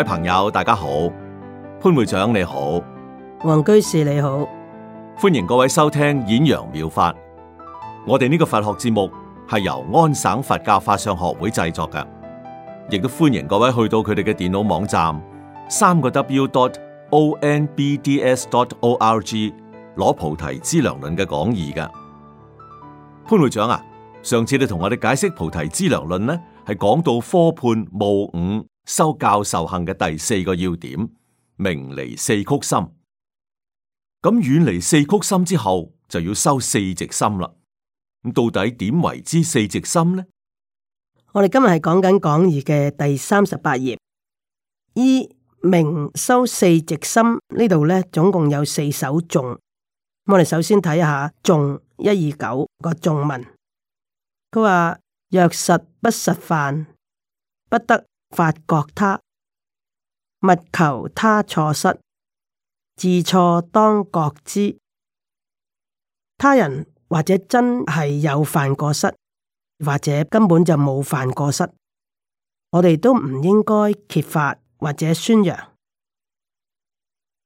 各位朋友，大家好，潘會長你好，王居士你好，歡迎各位收聽演揚妙，妙法。我哋呢個佛學節目係由安省佛教法相學會製作嘅，亦都歡迎各位去到佢哋嘅電腦網站三個 W dot O N B D S dot O R G 攞菩提資糧論嘅講義噶。潘會長啊，上次你同我哋解釋菩提資糧論呢，係講到科判五五。修教授行嘅第四個要點，明離四曲心。咁遠離四曲心之後，就要修四直心啦。咁到底點為之四直心呢？我哋今日係講緊《講義》嘅第三十八頁，依明修四直心呢度咧，總共有四首頌。我哋首先睇下頌一二九個頌文，佢話，若實不實犯，不得，發覺他，勿求他錯失，自錯當覺知。他人或者真係有犯過失，或者根本就冇犯過失，我哋都唔應該揭發或者宣揚，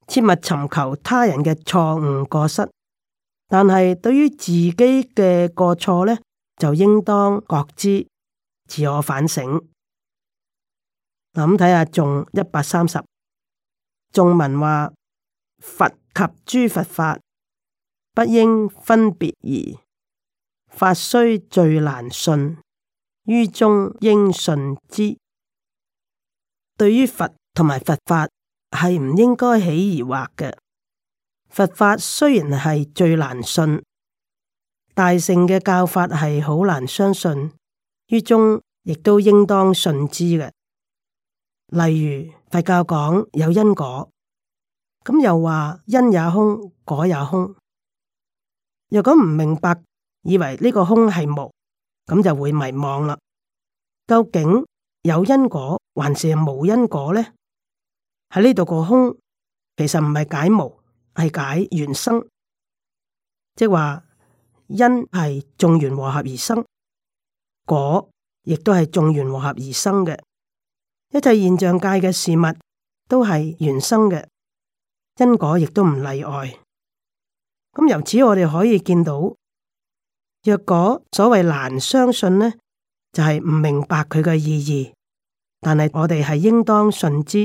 切勿尋求他人嘅錯誤過失。但係對於自己嘅過錯呢，就應當覺知，自我反省。諗睇下，仲一百三十。眾文話：佛及諸佛法不應分別而法雖最難信，於中應信之。對於佛同埋佛法係唔應該起疑惑嘅。佛法雖然係最難信，大聖嘅教法係好難相信，於中亦都應當信之嘅。例如佛教講有因果，咁又話因也空，果也空。若果唔明白，以為呢個空係無，咁就會迷惘啦。究竟有因果還是無因果呢？喺呢度個空其實唔係解無，係解緣生，即係話因係眾緣和合而生，果亦都係眾緣和合而生嘅。一切現象界嘅事物都係緣生嘅，因果亦都唔例外。咁由此我哋可以見到，若果所謂難相信呢，就係、是、唔明白佢嘅意義。但係我哋係應當信之，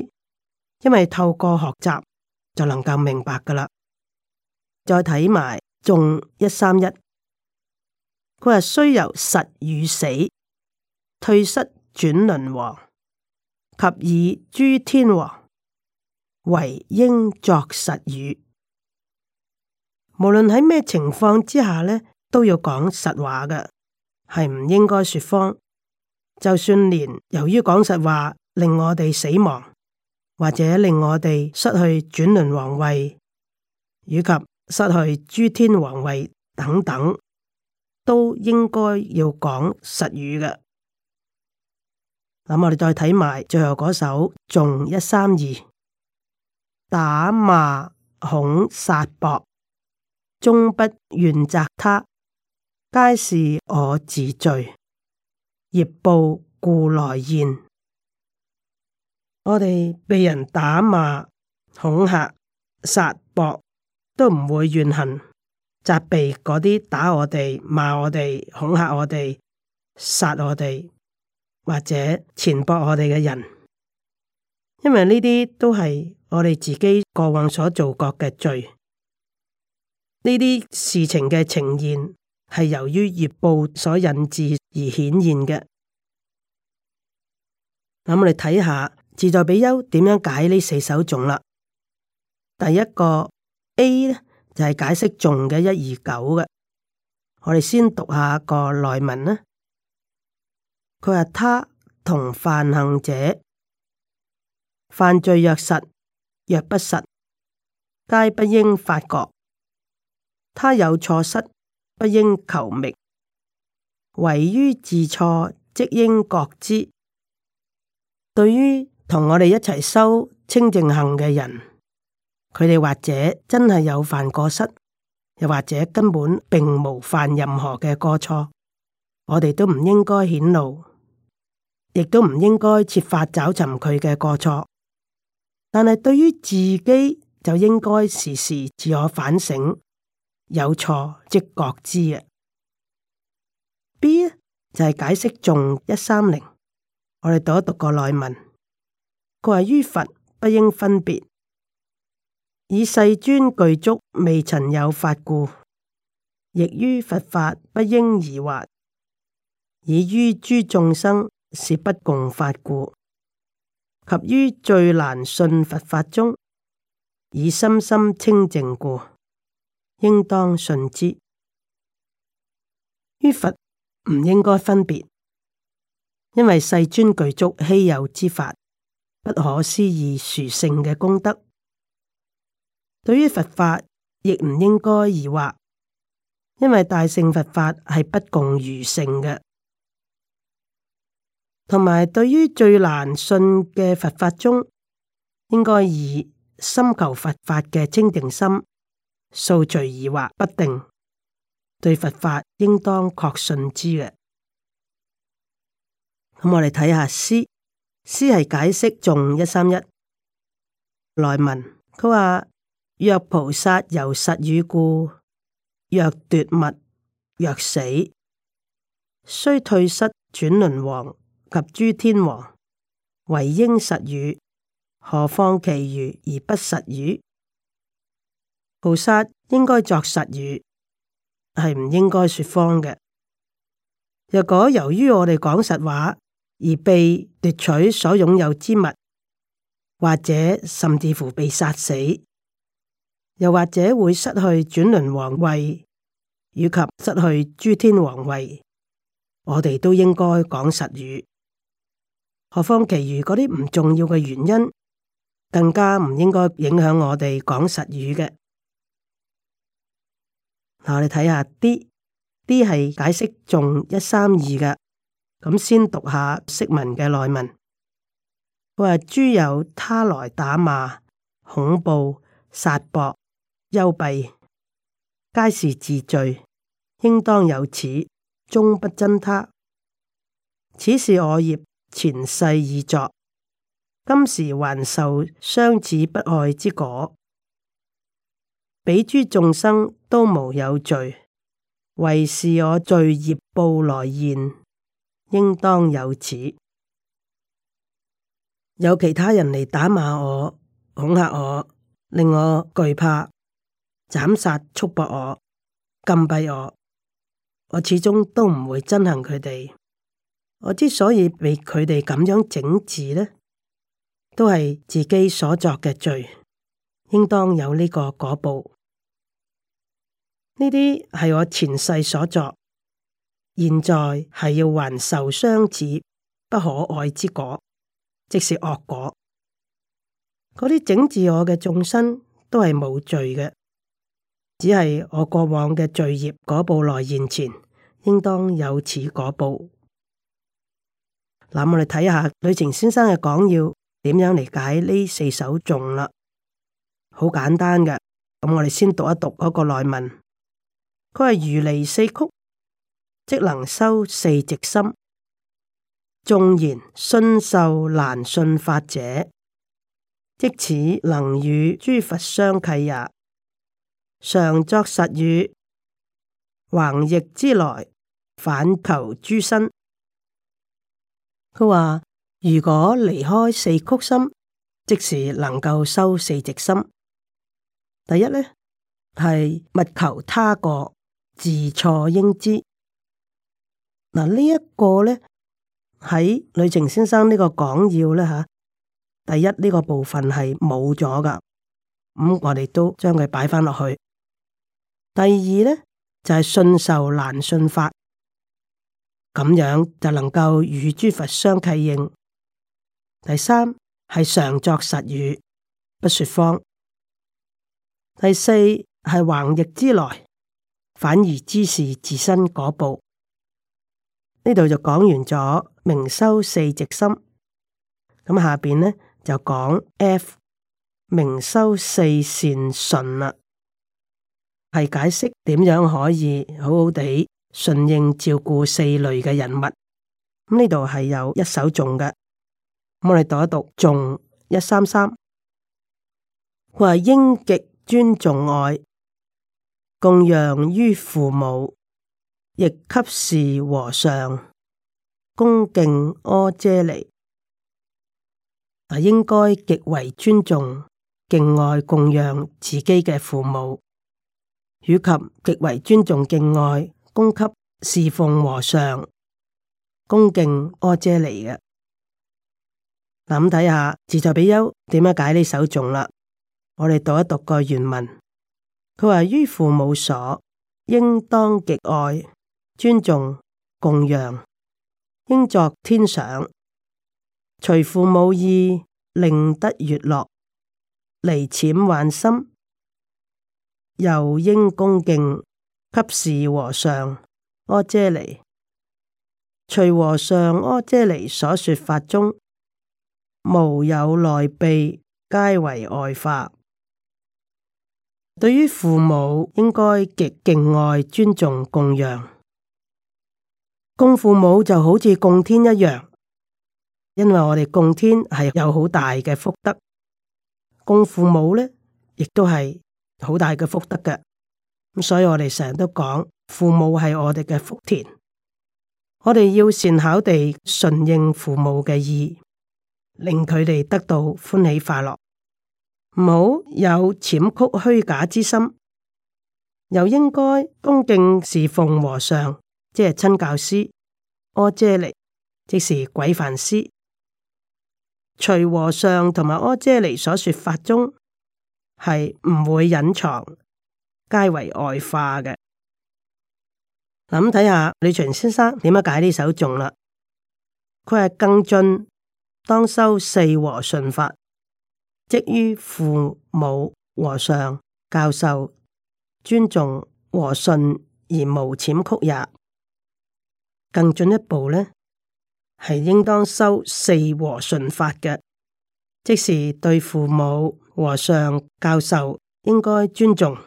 因為透過學習就能夠明白㗎喇。再睇埋頌一三一，佢話，雖由實與死退失轉輪王。及以諸天王，唯應作實語。無論喺咩情況之下咧，都要講實話嘅，係唔應該說謊。就算連由於講實話令我哋死亡，或者令我哋失去轉輪王位，以及失去諸天王位等等，都應該要講實語嘅。咁我哋再睇埋最後嗰首《頌一三二》，打罵恐殺縛，終不怨責他，皆是我自罪，業報故來現。我哋被人打罵、恐嚇、殺縛，都唔會怨恨，責備嗰啲打我哋、罵我哋、恐嚇我哋、殺我哋。或者煎迫我哋嘅人，因為呢啲都係我哋自己過往所做過嘅罪，呢啲事情嘅呈現係由於業報所引致而顯現嘅。嗱，我哋睇下自在比丘點樣解呢四首頌啦。第一個 A 呢，就係解釋頌嘅一、二、九嘅。我哋先讀下個內文啦。佢話：他，他同梵行者，犯罪若實若不實，皆不應發覺。他有錯失，不應求覓；唯於自錯，即應覺知。對於同我哋一齊修清淨行嘅人，佢哋或者真係有犯過失，又或者根本並冇犯任何嘅過錯，我哋都唔應該顯露。亦都唔應該設法找尋佢嘅過錯，但係對於自己就應該時時自我反省，有錯即覺知啊。B 啊，就係解釋《眾一三零》，我哋讀一讀個內文。佢話：於佛不應分別，以世尊具足未曾有法故；亦於佛法不應疑惑，以於諸眾生。是不共法故，及於最難信佛法中，以心心清淨故，應當信之。於佛唔應該分別，因為世尊具足稀有之法，不可思議殊勝嘅功德。對於佛法亦唔應該疑惑，因為大乘佛法係不共如聖嘅。同埋對於最難信嘅佛法中，應該以深求佛法嘅清淨心，掃除疑惑不定，對佛法應當確信之嘅。咁我哋睇下師，師係解釋《眾一三一內文》，佢話若菩薩由實語故，若奪物，若死，雖退失轉輪王。及諸天王唯應實語，何況其餘而不實語？菩薩應該作實語，係唔應該說謊嘅。若果由於我哋講實話而被奪取所擁有之物，或者甚至乎被殺死，又或者會失去轉輪王位，以及失去諸天王位，我哋都應該講實語。何況其餘嗰啲唔重要嘅原因，更加唔應該影響我哋講實語嘅。嗱，你睇下啲啲係解釋仲一三二嘅，咁先讀下釋文嘅內文。佢話：諸有他來打罵、恐怖、殺縛、幽閉，皆是自罪，應當有此，終不瞋他。此是我業。前世已作，今時還受相似不愛之果，彼諸眾生都無有罪，唯是我罪孽報來現，應當有此。有其他人嚟打罵我、恐嚇我、令我懼怕、斬殺、束縛我、禁閉我，我始終都唔會憎恨佢哋。我之所以被佢哋咁樣整治呢，都係自己所作嘅罪，應當有呢個果報。呢啲係我前世所作，現在係要還受相似不可愛之果，即是惡果。嗰啲整治我嘅眾生都係冇罪嘅，只係我過往嘅罪孽果報來現前，應當有此果報。嗱，我哋睇下呂澄先生嘅講要點樣嚟解呢四首頌啦，好簡單嘅。咁我哋先讀一讀嗰個內文，佢係如離四曲，即能修四直心；縱然信受難信法者，即此能與諸佛相契也。常作實語，橫逆之來，反求諸身。佢話如果離開四曲心，即時能夠修四直心。第一咧係勿求他過，自錯應知。嗱、啊這個、呢一個咧喺呂澂先生呢個講要咧吓，第一呢、這個部分係冇咗噶。咁、嗯、我哋都將佢擺翻落去。第二咧就係、是、信受難信法。咁樣就能夠與諸佛相契應。第三係常作實語，不說謊。第四係橫逆之來，反而知是自身果報。呢度就講完咗明修四直心。咁下邊呢就講 F 明修四善順啦，係解釋點樣可以好好地。順應照顧四類嘅人物，呢度係有一首頌嘅，嗯，我哋讀一讀頌一三三，佢話，應極尊重愛，供養於父母，亦給事和尚，恭敬阿闍梨，啊，應該極為尊重敬愛供養自己嘅父母，以及極為尊重敬愛。供給侍奉和尚，恭敬阿闍梨嘅。嗱睇下自在比丘點樣解呢首頌啦。我哋讀一讀個原文，佢話於父母所，應當極愛尊重供養，應作天想，隨父母意，令得悅樂。離諂誑心，又應恭敬。及是和尚阿闍梨，隨和尚阿闍梨所說法中，無有內祕，皆為外法。對於父母，應該極敬愛、尊重共、供養。供父母就好似供天一樣，因為我哋供天係有好大嘅福德，供父母咧亦都係好大嘅福德嘅。咁所以我哋成日都講，父母係我哋嘅福田，我哋要善巧地順應父母嘅意，令佢哋得到歡喜快樂，唔好有諂曲虛假之心，又應該恭敬侍奉和尚，即係親教師。阿闍梨即是軌範師，隨和尚同埋阿闍梨所說法中，係唔會隱藏。皆為外化嘅。嗱，咁睇下李泉先生點樣解呢首頌啦。佢係更進當修四和順法，即於父母和尚、教授尊重和順而無諂曲也。更進一步呢，係應當修四和順法嘅，即是對父母和尚、教授應該尊重。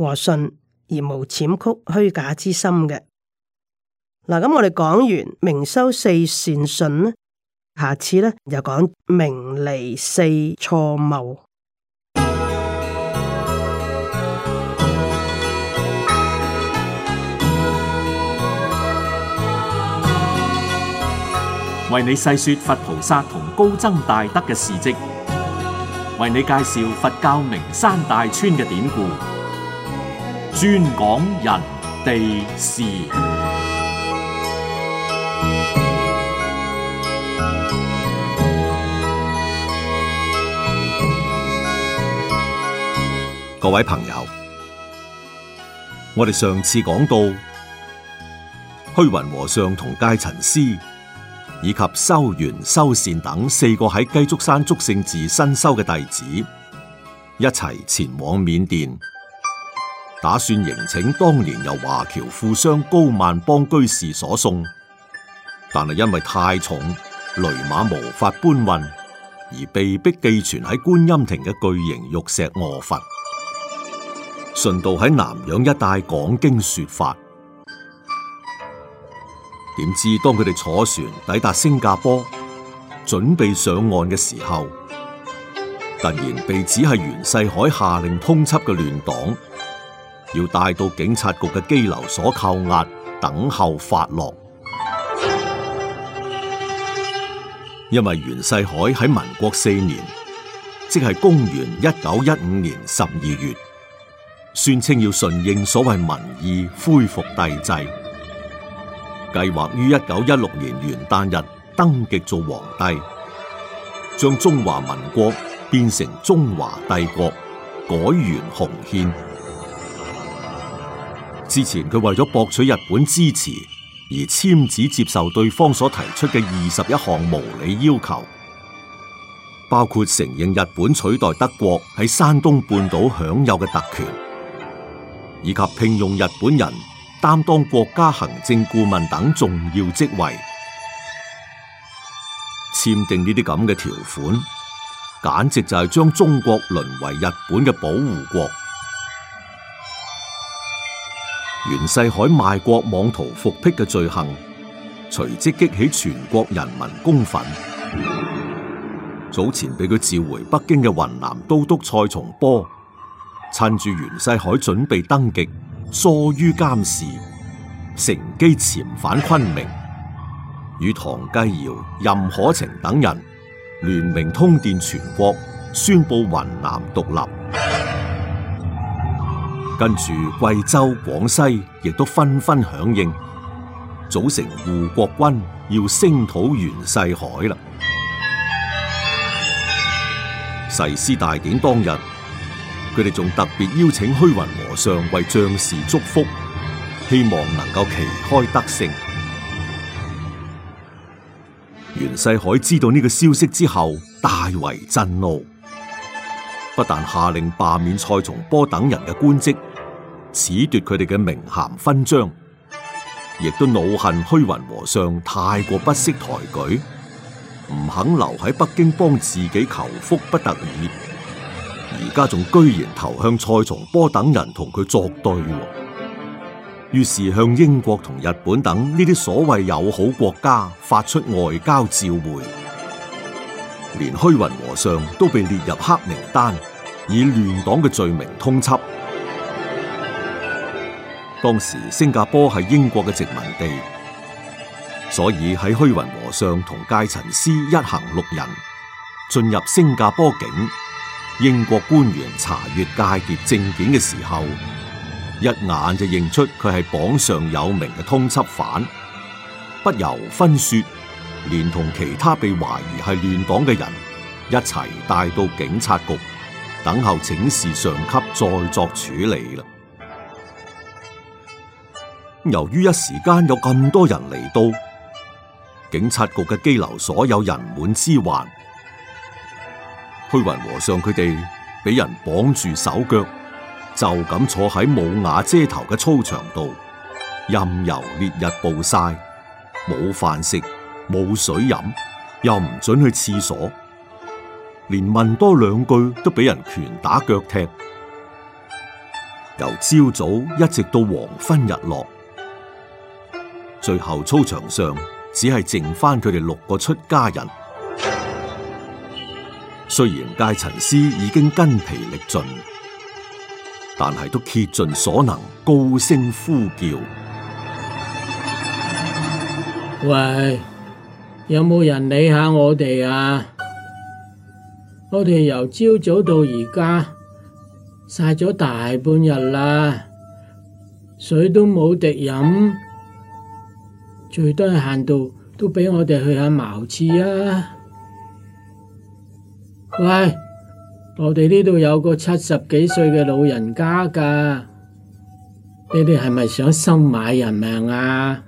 和順而無淺曲虛假之心嘅嗱，咁我哋講完明修四善順」，咧，下次咧又講明離四錯謬。 為你細說佛菩薩同高僧大德嘅事迹，為你介紹佛教名山大川嘅典故。專講人地事， 各位朋友，我哋上次講到虛雲和尚同戒塵師、以及修元修善等四個喺雞足山祝聖寺新收嘅弟子，一齊前往緬甸。打算迎請當年由華僑富商高萬邦居士所送，但係因為太重，驢馬無法搬運，而被迫寄存喺觀音亭嘅巨型玉石臥佛，順道喺南洋一帶講經說法。點知當佢哋坐船抵達新加坡，準備上岸嘅時候，突然被指係袁世凱下令通緝嘅亂黨。要帶到警察局嘅拘留所扣押，等候發落。因為袁世凱喺民國四年，即係公元一九一五年十二月，宣稱要順應所謂民意，恢復帝制，計劃於一九一六年元旦日登極做皇帝，將中華民國變成中華帝國，改元洪憲。之前佢為咗博取日本支持而簽字接受對方所提出嘅二十一項無理要求，包括承認日本取代德國喺山東半島享有嘅特權，以及聘用日本人擔當國家行政顧問等重要職位，簽訂呢啲咁嘅條款，簡直就係將中國淪為日本嘅保護國。袁世凱賣國妄圖復辟嘅罪行，隨即激起全國人民公憤。早前被佢召回北京嘅雲南都督蔡松波，趁住袁世凱準備登極疏於監視，乘機潛返昆明，與唐繼堯、任可澄等人聯名通電全國，宣布雲南獨立。跟住貴州、廣西亦都紛紛響應，組成護國軍，要聲討袁世凱啦。誓師大典當日，佢哋仲特別邀請虛雲和尚為將士祝福，希望能夠旗開得勝。袁世凱知道呢個消息之後，大為震怒，不但下令罷免蔡松坡等人嘅官職。此褫奪佢哋嘅名銜勳章，亦都怒恨虛雲和尚太過不識抬舉，唔肯留喺北京幫自己求福不得已，而家仲居然投向蔡松坡等人同佢作對，於是向英國同日本等呢啲所謂友好國家發出外交照會，連虛雲和尚都被列入黑名單，以亂黨嘅罪名通緝。當時新加坡係英國嘅殖民地，所以喺虛雲和尚同戒塵師一行六人進入新加坡境，英國官員查閱戒牒證件嘅時候，一眼就認出佢係榜上有名嘅通緝犯，不由分說，連同其他被懷疑係亂黨嘅人一齊帶到警察局，等候請示上級再作處理。由於一時間有咁多人嚟到，警察局嘅拘留所有人滿之患。虛雲和尚佢哋俾人綁住手腳，就咁坐喺冇瓦遮頭嘅操場度，任由烈日暴曬，冇飯食，冇水飲，又唔准去廁所，連問多兩句都俾人拳打腳踢，由朝早一直到黃昏日落。最後操場上只係剩翻佢哋六個出家人。雖然戒塵師已經筋疲力盡，但係都竭盡所能高聲呼叫：喂，有冇人理下我哋啊？我哋由朝早到而家曬咗大半日啦，水都冇滴飲。最低限度都俾我哋去下茅廁啊！喂，我哋呢度有個七十幾歲嘅老人家噶，你哋係咪想收買人命啊？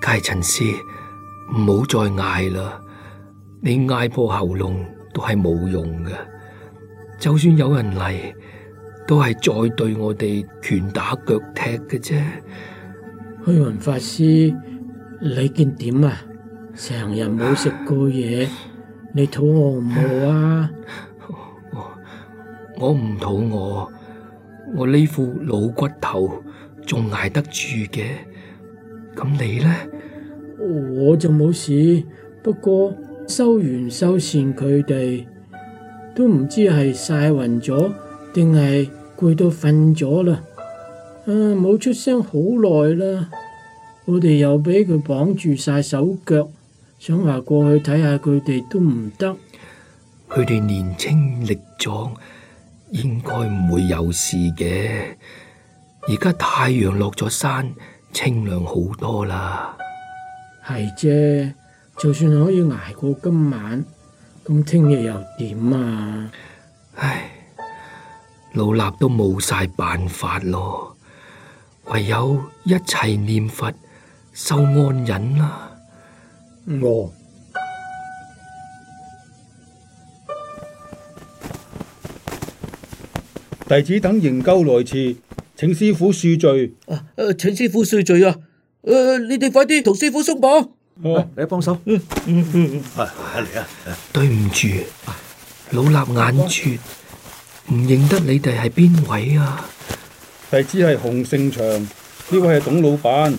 佳陳師，唔好再嗌啦！你嗌破喉嚨都係冇用嘅，就算有人嚟，都係再對我哋拳打腳踢嘅啫。虛雲法師，你見點啊？成日冇食過嘢，你肚餓唔餓啊？我我唔肚餓，我呢副老骨頭仲挨得住嘅。咁你咧？我就冇事，不過收完收善佢哋，都唔知係晒暈咗定係攰到瞓咗啦。嗯，冇、啊、出聲好耐啦。我哋又俾佢綁住晒手腳，想話過去睇下佢哋都唔得。佢哋年青力壯，應該唔會有事嘅。而家太陽落咗山，清涼好多啦。係啫，就算可以挨過今晚，咁聽日又點啊？唉，老衲都冇晒辦法咯。唯有一齊念佛受安忍啦！我弟子等營救來遲，請師傅恕罪。誒誒，請師傅恕罪啊！誒，你哋快啲同師傅鬆綁。嚟幫手。嗯嗯嗯，嚟啊！對唔住，老衲眼拙，唔認得你哋係邊位啊！弟子係洪勝祥，呢位係董老闆。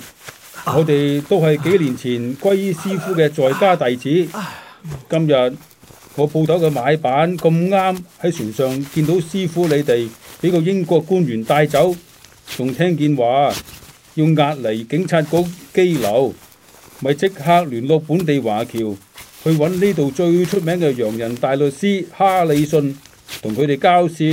我哋都係幾年前歸依師傅嘅在家弟子。今日我鋪頭嘅買辦咁啱喺船上見到師傅你哋俾個英國官員帶走，仲聽見話要押嚟警察局羈留，咪即刻聯絡本地華僑去揾呢度最出名嘅洋人大律師哈里遜，同佢哋交涉，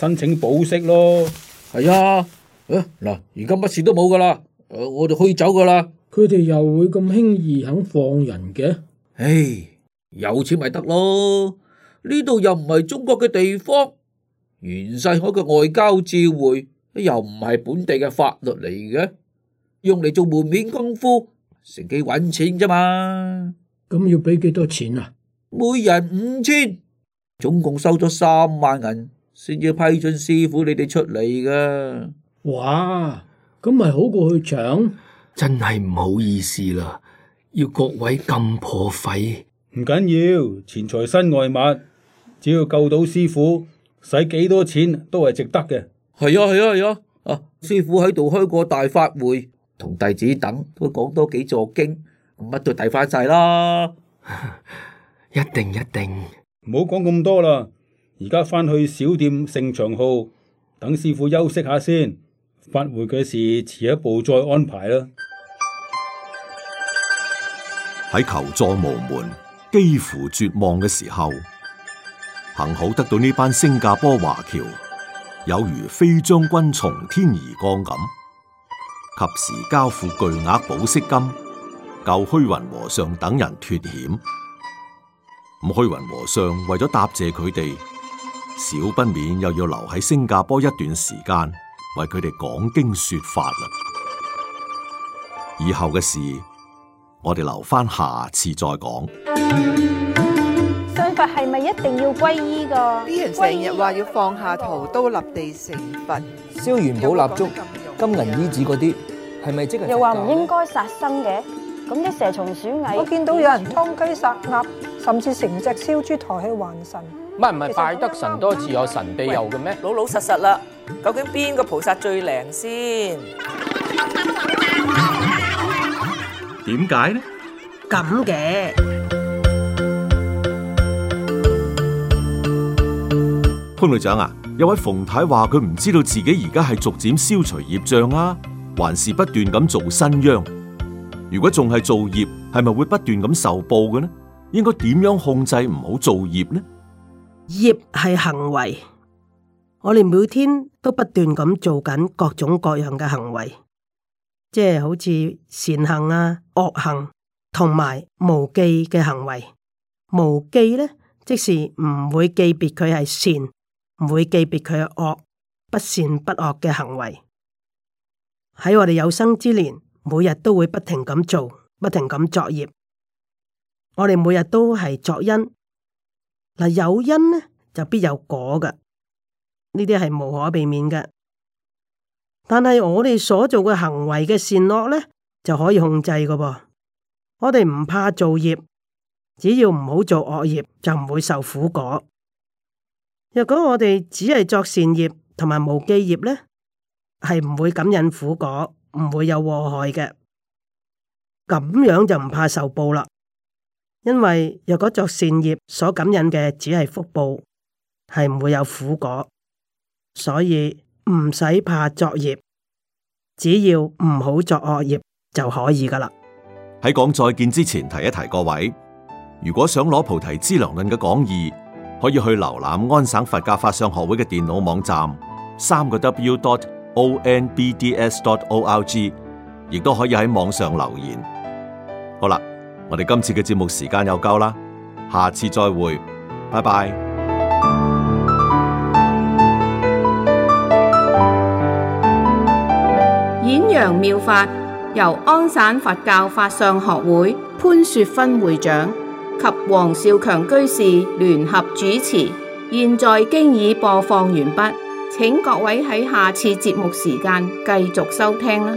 申請保釋咯。係啊，嗱、哎，而家乜事都冇噶啦，我哋可以走噶啦。佢哋又會咁輕易肯放人嘅？唉，有錢咪得咯，呢度又唔係中國嘅地方，袁世凱嘅外交照會又唔係本地嘅法律嚟嘅，用嚟做門面功夫，成機搵錢啫嘛。咁要俾幾多錢啊？每人五千，總共收咗三萬銀。先要批准師傅你哋出嚟噶，哇！咁咪好過去搶。真係唔好意思啦，要各位咁破費。唔緊要，錢財身外物，只要救到師傅，使幾多錢都係值得嘅。係啊係啊係啊，啊！啊，師傅喺度開過大法會，同弟子等都講多幾座經，乜都抵翻晒啦。一定一定，唔好講咁多啦。而家翻去小店盛祥號，等師傅休息下先。發回嘅事，遲一步再安排啦。喺求助無門、幾乎絕望嘅時候，幸好得到呢班新加坡華僑，有如飛將軍從天而降咁，及時交付巨額保釋金，救虛雲和尚等人脫險。咁虛雲和尚為咗答謝佢哋。少不免又要留喺新加坡一段時間，為佢哋講經說法啦。以後嘅事，我哋留翻下，下次再講。信佛係咪一定要皈依噶？成日話要放下屠刀立地成佛，燒元寶蠟燭、金銀衣紙嗰啲，係咪的即係？又話唔應該殺生嘅，咁啲蛇蟲鼠蟻，我見到有人劏雞殺鴨，甚至成隻燒豬抬去還神。唔唔係，拜得神多自有神庇佑嘅咩？老老實實啦，究竟邊個菩薩最靈先？點解呢？咁嘅潘女長啊，有位馮太話佢唔知道自己而家係逐漸消除業障啊，還是不斷咁做新殃？如果仲係造業，係咪會不斷咁受報嘅呢？應該點樣控制唔好造業呢？業係行為，我哋每天都不斷咁做緊各種各樣嘅行為，即係好似善行啊、惡行，同埋無記嘅行為。無記咧，即是唔會記別佢係善，唔會記別佢係惡，不善不惡嘅行為。喺我哋有生之年，每日都會不停咁做，不停咁作業。我哋每日都係作因。嗱，有因呢就必有果噶，呢啲係無可避免嘅。但係我哋所做嘅行為嘅善惡呢，就可以控制噃，我哋唔怕造業，只要唔好做惡業，就唔會受苦果。若果我哋只係作善業同埋無記業呢，係唔會感染苦果，唔會有禍害嘅。咁樣就唔怕受報啦。因為若果作善業，所感應嘅只係福報，係唔會有苦果，所以唔使怕作業，只要唔好作惡業就可以噶啦。喺講再見之前，提一提各位，如果想攞菩提資糧論嘅講義，可以去瀏覽安省佛教法相學會嘅電腦網站，三個 W 點 O N B D S 點 O R G，亦都可以喺網上留言。好啦。我哋今次嘅節目時間又夠啦，下次再會，拜拜。演揚妙法由安省佛教法相學會潘雪芬會長及黃少強居士聯合主持，現在經已播放完畢，請各位喺下次節目時間繼續收聽啦。